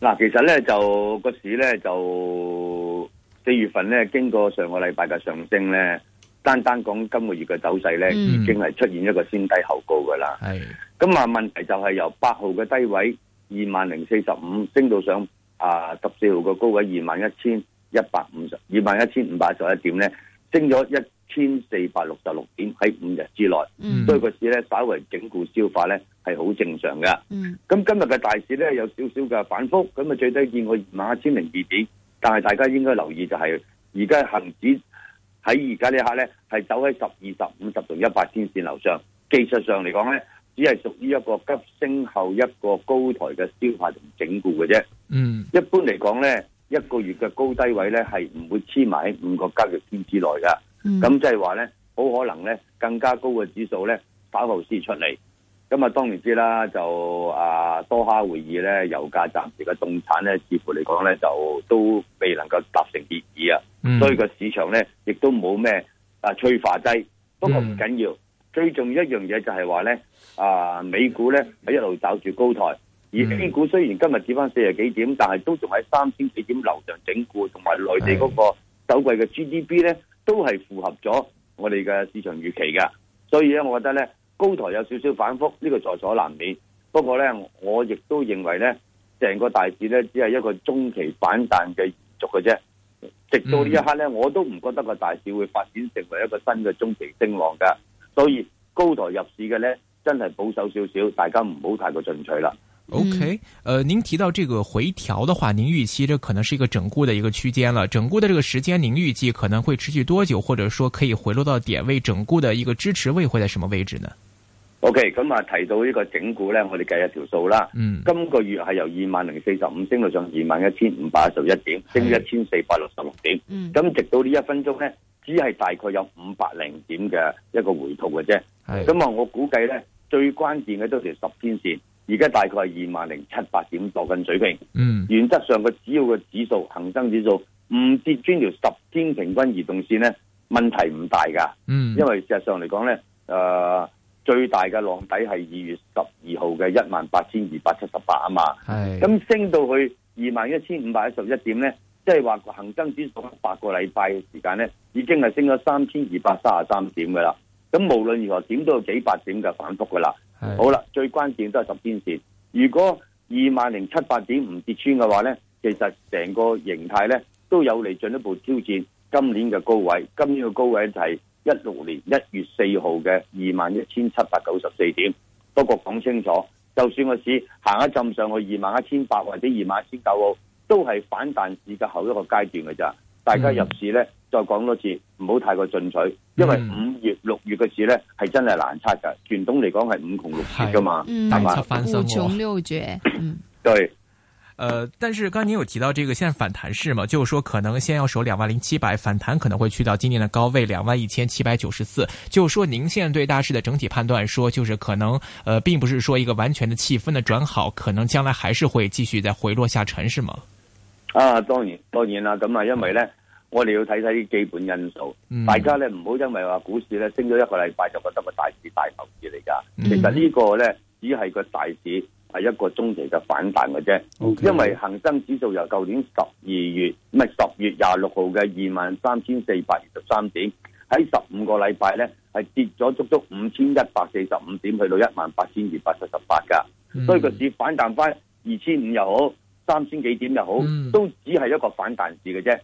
嗱，其實咧就個市咧就四月份咧經過上個禮拜嘅上升咧，單單講今個月嘅走勢咧，嗯，已經係出現一個先低後高噶啦。係咁啊，問題就係由八號嘅低位二萬零四十五升到上啊十四號嘅高位二萬一千一百五十，二萬一千五百十一點咧，升咗一。千四百六十六點，喺五日之內，嗯、所以個市咧稍微整固消化咧係好正常嘅。咁、嗯、今日嘅大市咧有少少嘅反復，咁啊最低見過二萬一千零二點。但係大家應該留意就係、是，而家恒指喺而家呢下咧係走喺十、二十、五十同一百天線樓上，技術上嚟講咧只係屬於一個急升後一個高台嘅消化同整固嘅啫。嗯，一般嚟講咧，一個月嘅高低位咧係唔會黐埋喺五個交易天之內噶。咁即係話咧，好、嗯、可能咧，更加高嘅指數咧，稍後先出嚟。咁啊，當然知啦，就啊多哈會議咧，油價暫時嘅凍產咧，似乎嚟講咧，就都未能夠達成協議啊。嗯、所以個市場咧，亦都冇咩啊催化劑，不過唔緊要。嗯、最重要一樣嘢就係話咧，啊美股咧係一路走住高台，而 A 股雖然今日跌返四十幾點，但係都仲喺三千幾點樓上整固，同埋內地嗰個首季嘅 GDP 咧。都係符合咗我哋嘅市場預期嘅，所以咧，我覺得咧，高台有少少反覆，呢個在所難免。不過咧，我亦都認為咧，成個大市咧，只係一個中期反彈嘅延續嘅啫。直到呢一刻咧，我都唔覺得個大市會發展成為一個新嘅中期升浪噶。所以高台入市嘅咧，真係保守少少，大家唔好太過進取啦。OK，呃，您提到這個回調的話，您預期這可能是一個整固的一個區間了。整固的這個時間，您預計可能會持續多久？或者說可以回落到點位？整固的一個支持位會在什麼位置呢？OK，咁啊，提到呢個整固呢，我哋計一條數啦。嗯，今個月係由二萬零四十五升到上二萬一千五百一十一點，升一千四百六十六點。的嗯，咁直到呢一分鐘呢，只係大概有五百零點嘅一個回吐嘅啫。係的，咁啊、嗯嗯，我估計呢，最關鍵嘅都係十天線。而家大概係二萬零七百點落緊水平。嗯，原則上佢只要個指數、恒生指數唔跌穿條十天平均移動線咧，問題唔大噶。嗯，因為事實上嚟講咧，誒、呃、最大嘅浪底係二月十二號嘅一萬八千二百七十八啊嘛。係，咁升到去二萬一千五百一十一點咧，即係話恒生指數八個禮拜嘅時間咧，已經係升咗三千二百三十三點嘅啦。咁無論如何，點都有幾百點嘅反覆噶啦。是好啦，最關鍵都係十天線。如果二萬零七八點唔跌穿嘅話呢，其實成個形態呢都有嚟進一步挑戰今年嘅高位。今年嘅高位就係一六年一月四號嘅二萬一千七百九十四點。不過講清楚，就算個市行一浸上去二萬一千八或者二萬一千九，都係反彈市嘅後一個階段嘅咋。大家入市呢、嗯、再講多次，唔好太過進取，因為東來是五月、六月嘅市呢係真係難測㗎。傳統嚟講係五窮六絕噶嘛，大家翻身。五窮六絕，嗯，對。呃，但是剛才你有提到這個，現在反彈市嘛？就是說可能先要守兩萬零七百，反彈可能會去到今年的高位兩萬一千七百九十四。就說您現在對大市的整體判斷，說就是可能，呃，並不是說一個完全的氣氛的轉好，可能將來還是會繼續再回落下沉，是嗎？啊，當然當然啦，咁啊，因為咧，嗯、我哋要睇睇啲基本因素。嗯、大家咧唔好因為話股市咧升咗一個禮拜就覺得大大、嗯、個，個大市大牛市嚟㗎。其實呢個咧只係個大市係一個中期嘅反彈嘅啫。Okay, 因為恒生指數由舊年十二月，唔係十月廿六號嘅二萬三千四百二十三點，喺十五個禮拜咧係跌咗足足五千一百四十五點，去到一萬八千二百七十八㗎。嗯、所以個市反彈翻二千五又好。三千幾點又好，嗯、都只係一個反彈市嘅啫。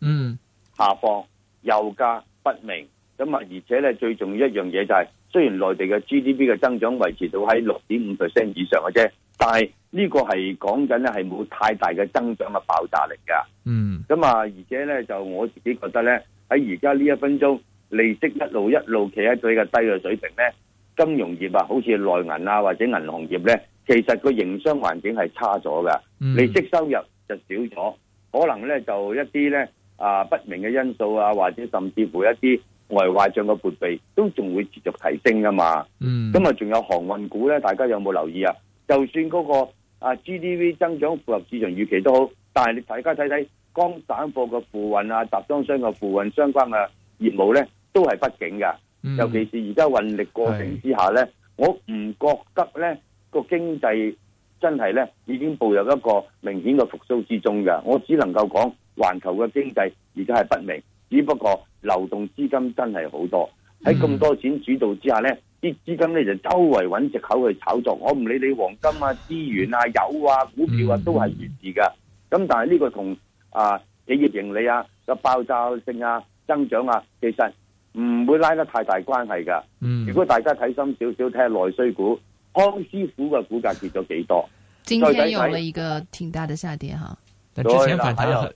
嗯，下放、油價不明咁啊！而且咧，最重要的一樣嘢就係、是，雖然內地嘅 GDP 嘅增長維持到喺六點五 percent 以上嘅啫，但係呢個係講緊咧係冇太大嘅增長嘅爆炸力㗎。嗯，咁啊，而且咧就我自己覺得咧，喺而家呢一分鐘利息一路一路企喺最嘅低嘅水平咧，金融業啊，好似內銀啊或者銀行業咧。其實個營商環境係差咗嘅，利息收入就少咗，可能呢，就一啲呢啊不明嘅因素啊，或者甚至乎一啲外壞帳嘅撥備都仲會持續提升噶嘛。咁啊、嗯，仲有航運股呢？大家有冇留意啊？就算嗰個啊 G D P 增長符合市場預期都好，但係你大家睇睇乾散貨嘅貨運啊、集裝箱嘅貨運相關嘅業務呢，都係不景噶。嗯、尤其是而家運力過剩之下呢，是我唔覺得呢。個經濟真係咧，已經步入一個明顯嘅復甦之中嘅。我只能夠講，環球嘅經濟而家係不明，只不過流動資金真係好多。喺咁多錢主導之下咧，啲資金咧就周圍揾藉口，去炒作。我唔理你黃金啊、資源啊、油啊、股票啊都是的，都係如此噶。咁但係呢個同啊企業盈利啊嘅爆炸性啊增長啊，其實唔會拉得太大關係噶。嗯，如果大家睇深少少，睇下內需股。康師傅嘅股價跌咗幾多？今天有咗一個挺大嘅下跌哈。對之前反彈，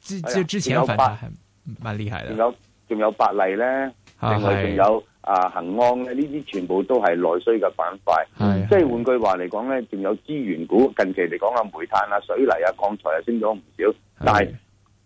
之、哎、呦之前反彈唔係厲的有8，害啦。仲有仲有百麗咧，另外仲有的啊恒安咧，呢啲全部都係內需嘅板塊。即係換句話嚟講咧，仲有資源股，近期嚟講啊煤炭啊、水泥啊、鋼材啊升咗唔少，的但係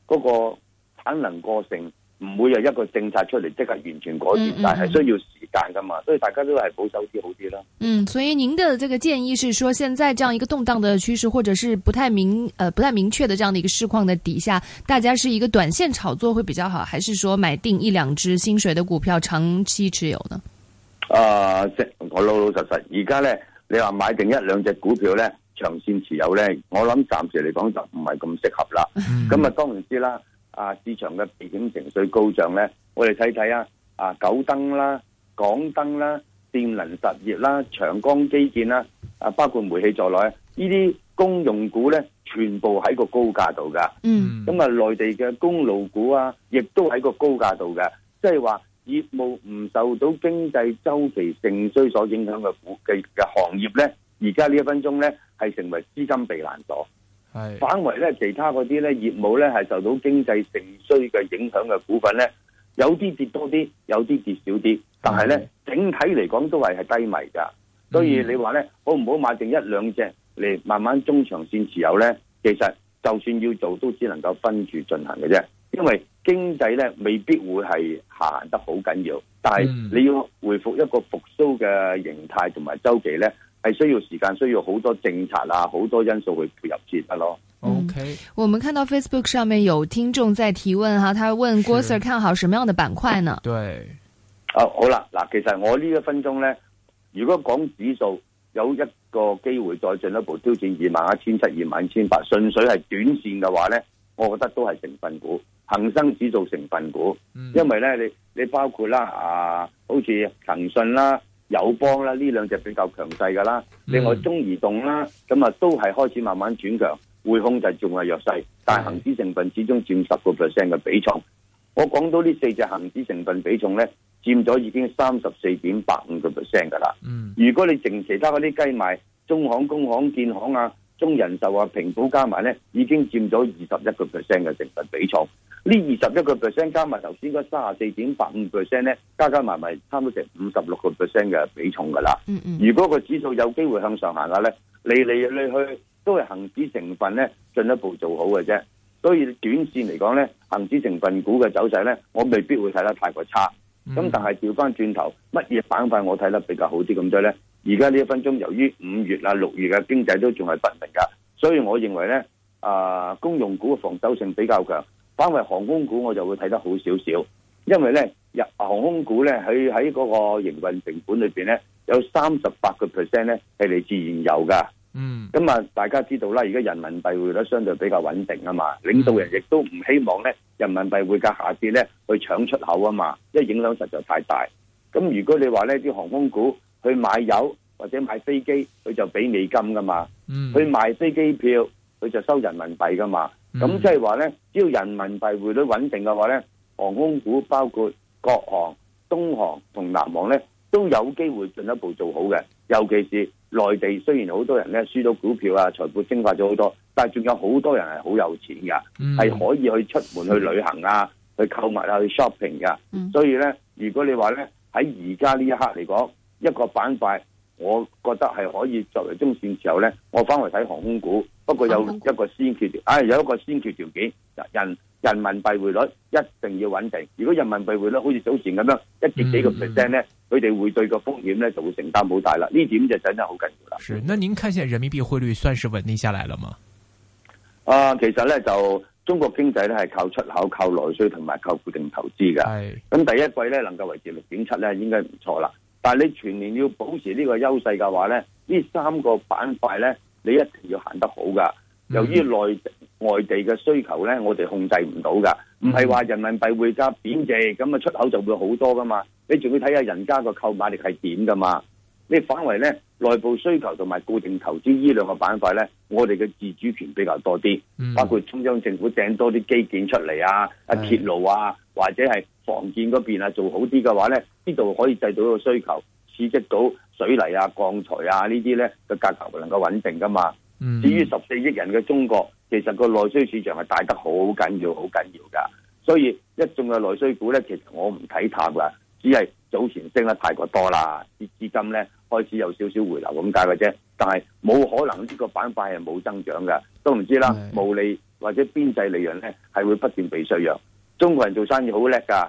嗰個產能過剩，唔會有一個政策出嚟即刻完全改變，嗯嗯、但係需要時間噶嘛，所以大家都係保守啲好啲啦。嗯，所以您的這個建議是說，現在這樣一個動盪的趨勢，或者是不太明，呃，不太明確的這樣的一個市況的底下，大家是一個短線炒作會比較好，還是說買定一兩隻心水的股票長期持有呢？誒、呃，即我老老實實，而家呢，你話買定一兩隻股票呢，長線持有呢，我諗暫時嚟講就唔係咁適合啦。咁啊、嗯，當然知啦。啊！市場嘅避險情緒高漲咧，我哋睇睇啊！啊，九燈啦、港燈啦、電能實業啦、長江基建啦，啊，包括煤氣在內，呢啲公用股咧，全部喺個高價度噶。嗯。咁啊，內地嘅公路股啊，亦都喺個高價度嘅。即係話業務唔受到經濟周期盛衰所影響嘅股嘅嘅行業咧，而家呢一分鐘咧係成為資金避難所。是反為咧其他嗰啲咧業務咧係受到經濟盛衰嘅影響嘅股份咧，有啲跌多啲，有啲跌少啲，但係咧整體嚟講都係係低迷噶。的所以你話咧，嗯、好唔好買定一兩隻嚟慢慢中長線持有咧？其實就算要做，都只能夠分住進行嘅啫。因為經濟咧未必會係行得好緊要，但係你要回復一個復蘇嘅形態同埋週期咧，係需要時間，需要好多政策啊，好多因素去配合先得咯。O Okay . K，嗯、我們看到 Facebook 上面有聽眾在提問哈，他問郭 Sir 看好什麼樣的板塊呢？嗯、對，啊、哦、好啦，嗱，其實我呢一分鐘呢，如果講指數有一個機會再進一步挑戰二萬一千七、二萬一千八，純粹係短線嘅話呢，我覺得都係成分股，恒生指數成分股，嗯、因為呢你你包括啦啊，好似騰訊啦。友邦啦，呢兩隻比較強勢㗎啦，另外中移動啦，咁啊都係開始慢慢轉強，匯控就仲係弱勢，但係恆指成分始終佔十個 percent 嘅比重。我講到呢四隻恆指成分比重咧，佔咗已經三十四點八五個 percent 㗎啦。嗯，如果你淨其他嗰啲計埋，中行、工行、建行啊、中人壽啊、平保加埋咧，已經佔咗二十一個 percent 嘅成分比重。這呢二十一個 percent 加埋頭先嗰三十四點八五 percent 咧，加加埋埋差唔多成五十六個 percent 嘅比重噶啦。如果個指數有機會向上行下咧，嚟嚟嚟去都係恆指成分咧進一步做好嘅啫。所以短線嚟講咧，恆指成分股嘅走勢咧，我未必會睇得太過差。咁、嗯、但係調翻轉頭，乜嘢板塊我睇得比較好啲咁多咧？而家呢一分鐘，由於五月啊六月嘅經濟都仲係不明噶，所以我認為咧、呃，公用股嘅防守性比較強。反為航空股我就會睇得好少少，因為咧，日航空股咧喺喺嗰個營運成本裏邊咧，有三十八個 percent 咧係嚟自燃油噶。嗯，咁啊，大家知道啦，而家人民幣匯率相對比較穩定啊嘛，嗯、領導人亦都唔希望咧人民幣匯價下跌咧去搶出口啊嘛，因為影響實在太大。咁如果你話呢啲航空股去買油或者買飛機，佢就俾美金噶嘛，嗯、去賣飛機票佢就收人民幣噶嘛，咁即係話咧，只要人民幣匯率穩定嘅話咧，航空股包括國航、東航同南航咧，都有機會進一步做好嘅。尤其是內地，雖然好多人咧輸到股票啊，財富蒸發咗好多，但係仲有好多人係好有錢噶，係、嗯、可以去出門去旅行啊，去購物啊，去 shopping 噶。所以咧，如果你話咧喺而家呢一刻嚟講，一個板塊。我覺得係可以作為中線時候咧，我翻去睇航空股，不過有一個先決條件、啊啊，有一個先決條件，人人民幣匯率一定要穩定。如果人民幣匯率好似早前咁樣，一跌幾，幾個 percent 咧，佢哋、嗯、會對個風險咧就會承擔好大啦。呢點就真真好緊要啦。是，那您看現在人民幣匯率算是穩定下來了嗎？啊，其實咧就中國經濟咧係靠出口、靠內需同埋靠固定投資噶。咁、哎、第一季咧能夠維持六點七咧，應該唔錯啦。但係你全年要保持呢個優勢嘅話咧，呢三個板塊咧，你一定要行得好噶。由於內地、外地嘅需求咧，我哋控制唔到噶，唔係話人民幣匯價貶值咁啊出口就會好多噶嘛。你仲要睇下人家個購買力係點噶嘛。你反為咧內部需求同埋固定投資呢兩個板塊咧，我哋嘅自主權比較多啲，包括中央政府掟多啲基建出嚟啊，啊鐵路啊，是的或者係。房建嗰邊啊，做好啲嘅話呢，呢度可以製到個需求，刺激到水泥啊、鋼材啊呢啲呢嘅價格能夠穩定噶嘛。嗯，至於十四億人嘅中國，其實個內需市場係大得好緊要、好緊要噶。所以一眾嘅內需股呢，其實我唔睇淡噶，只係早前升得太過多啦，啲資金咧開始有少少回流咁解嘅啫。但係冇可能呢個板塊係冇增長噶，都唔知啦，毛利或者邊際利潤呢，係會不斷被削弱。中國人做生意好叻㗎。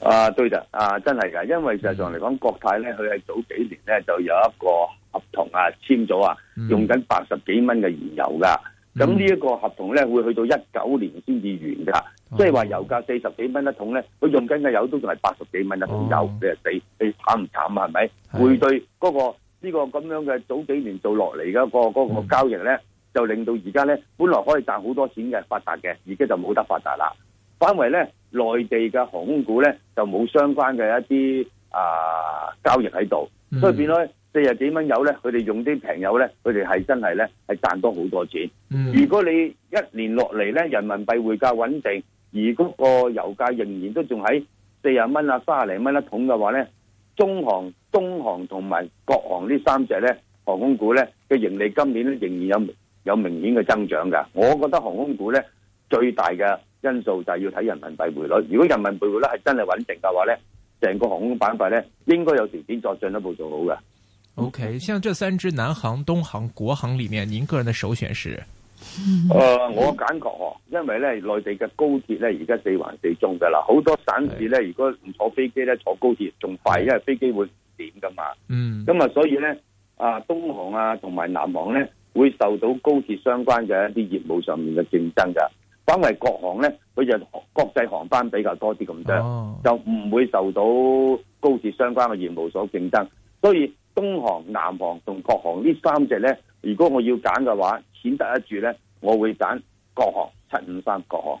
啊，對呀，啊，真係噶，因為實際上嚟講，國泰咧，佢係早幾年咧就有一個合同啊簽咗啊，嗯、用緊八十幾蚊嘅原油噶，咁呢一個合同咧會去到一九年先至完噶，即係話油價四十幾蚊一桶咧，佢用緊嘅油都仲係八十幾蚊一桶油。哦，你你慘唔慘啊？係咪？的會對嗰、那個呢、這個咁樣嘅早幾年做落嚟嘅個嗰、嗯、個交易咧，就令到而家咧本來可以賺好多錢嘅發達嘅，而家就冇得發達啦，反為咧。內地嘅航空股咧就冇相關嘅一啲啊交易喺度，mm hmm. 所以變咗四十幾蚊油咧，佢哋用啲平油咧，佢哋係真係咧係賺多好多錢。Mm hmm. 如果你一年落嚟咧，人民幣匯價穩定，而嗰個油價仍然都仲喺四十蚊啊三十零蚊一桶嘅話咧，中航、東航同埋國航呢三隻咧航空股咧嘅盈利今年咧仍然有有明顯嘅增長㗎。我覺得航空股咧最大嘅因素就係要睇人民幣匯率，如果人民幣匯率係真係穩定嘅話咧，成個航空板塊咧應該有條件再進一步做好嘅。O、okay, K，像這三支南航、東航、國航裏面，您個人的首選是？誒、呃，我感覺因為咧內地嘅高鐵咧而家四橫四縱噶啦，好多省市咧對如果唔坐飛機咧坐高鐵仲快，因為飛機會點噶嘛。嗯。咁啊，所以咧啊東航啊同埋南航咧會受到高鐵相關嘅一啲業務上面嘅競爭噶。反為國航咧，佢就國際航班比較多啲咁多，就唔會受到高鐵相關嘅業務所競爭，所以東航、南航同國航呢三隻咧，如果我要揀嘅話，顯得一隻咧，我會揀國航七五三國航。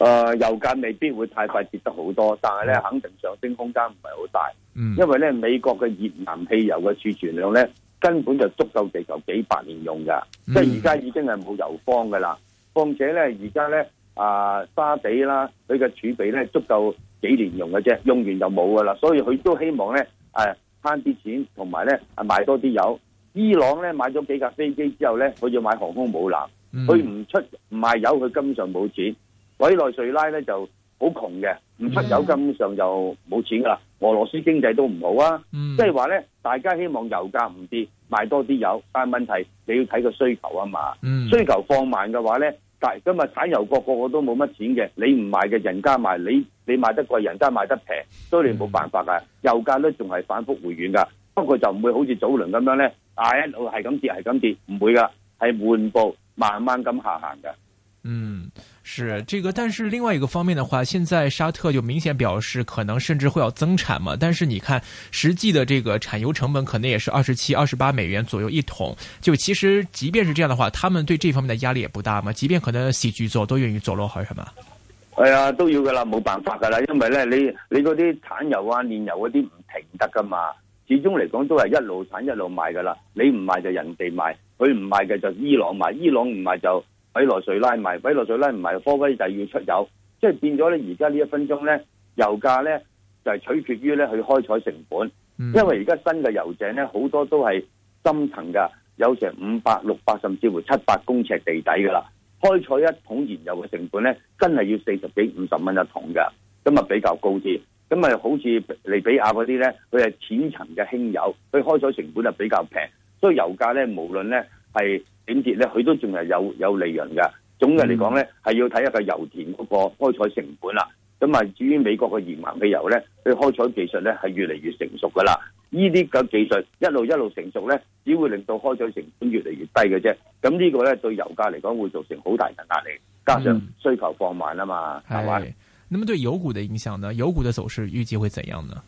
誒、呃、油價未必會太快跌得好多，但係咧肯定上升空間唔係好大，mm. 因為咧美國嘅熱能汽油嘅儲存量咧根本就足夠地球幾百年用㗎，mm. 即係而家已經係冇油荒㗎啦。況且咧，而家咧啊沙地啦，佢嘅儲備咧足夠幾年用嘅啫，用完就冇㗎啦。所以佢都希望咧誒慳啲錢，同埋咧賣多啲油。伊朗咧買咗幾架飛機之後咧，佢要買航空母艦，佢唔、mm. 出唔賣油，佢根本上冇錢。委內瑞拉咧就好窮嘅，唔出油根本上就冇錢噶啦。俄羅斯經濟都唔好啊，即係話咧，大家希望油價唔跌，賣多啲油。但係問題你要睇個需求啊嘛。嗯、需求放慢嘅話咧，但係今日產油國個個都冇乜錢嘅，你唔賣嘅人家賣，你你賣得貴，人家賣得平，所以你冇辦法噶。油價咧仲係反覆回軟噶，不過就唔會好似早輪咁樣咧，大一路係咁跌係咁跌，唔會噶，係緩步慢慢咁下行噶。嗯，是這個，但是另外一個方面的話，現在沙特就明顯表示可能甚至會要增產嘛。但是你看實際的這個產油成本可能也是二十七、二十八美元左右一桶。就其實即便是這樣的話，他們對這方面的壓力也不大嘛。即便可能喜劇做都願意做落去，係嘛？哎呀，都要噶啦，冇辦法噶啦，因為呢，你你嗰啲產油啊、煉油嗰啲唔停得噶嘛。始終嚟講都係一路產一路賣噶啦，你唔賣就人哋賣，佢唔賣嘅就伊朗賣，伊朗唔賣就。委內瑞拉唔係，委內瑞拉唔係，科威就要出油，即係變咗咧。而家呢一分鐘咧，油價咧就係、是、取決於咧去開採成本，因為而家新嘅油井咧好多都係深層噶，有成五百、六百甚至乎七百公尺地底噶啦。開採一桶燃油嘅成本咧，真係要四十幾、五十蚊一桶嘅，咁啊比較高啲。咁啊，好似利比亞嗰啲咧，佢係淺層嘅輕油，佢開採成本就比較平，所以油價咧無論咧係。剪折咧，佢都仲係有有利潤噶。總嘅嚟講咧，係要睇一個油田嗰個開採成本啦。咁啊，至於美國嘅頁岩嘅油咧，佢開採技術咧係越嚟越成熟噶啦。呢啲嘅技術一路一路成熟咧，只會令到開採成本越嚟越低嘅啫。咁呢個咧對油價嚟講會造成好大嘅壓力，加上需求放慢啊嘛，係嘛。咁對油股嘅影響呢？油股嘅走勢預計會怎樣呢？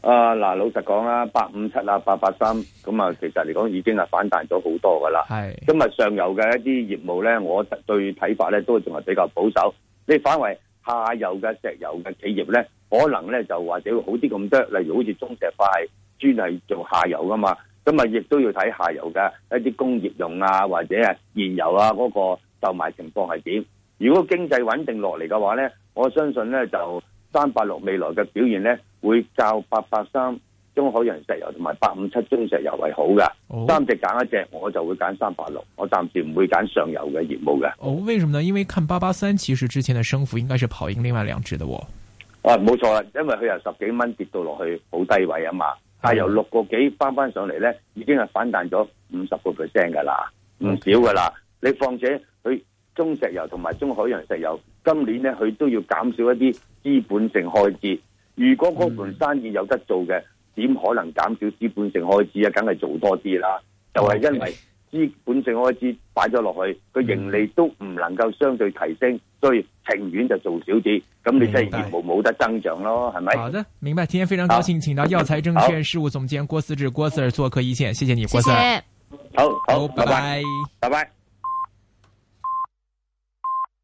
啊嗱，老實講啦，八五七啊，八八三咁啊，其實嚟講已經係反彈咗好多噶啦。係的今日上游嘅一啲業務咧，我對睇法咧都仲係比較保守。你反為下游嘅石油嘅企業咧，可能咧就或者會好啲咁多。例如好似中石化專係做下游噶嘛，咁啊亦都要睇下游嘅一啲工業用啊，或者係燃油啊嗰、那個售賣情況係點。如果經濟穩定落嚟嘅話咧，我相信咧就三八六未來嘅表現咧，會較八八三、中海洋石油同埋八五七中石油為好噶哦、三隻揀一隻，我就會揀三八六。我暫時唔會揀上游嘅業務嘅。哦，為什麼呢？因為看八八三，其實之前的升幅應該是跑贏另外兩隻的。哦，冇錯啦，因為佢由十幾蚊跌到落去好低位啊嘛，嗯、但係由六個幾翻翻上嚟呢，已經係反彈咗五十個 percent 噶啦唔少噶啦 Okay. 你況且佢中石油同埋中海洋石油今年呢，佢都要減少一啲資本性開支。如果嗰盤生意有得做嘅，點、嗯、可能減少資本性開支啊？梗係做多啲啦。哦、就係因為資本性開支擺咗落去，佢、嗯、盈利都唔能夠相對提升，所以情願就做少啲。咁白你真係業務冇得增長咯，係咪？好明白。今天非常高興，請到耀才證券事務總監郭思治郭 Sir 做客一線，謝謝你，郭 Sir。謝謝，好，好，拜拜、oh，拜拜。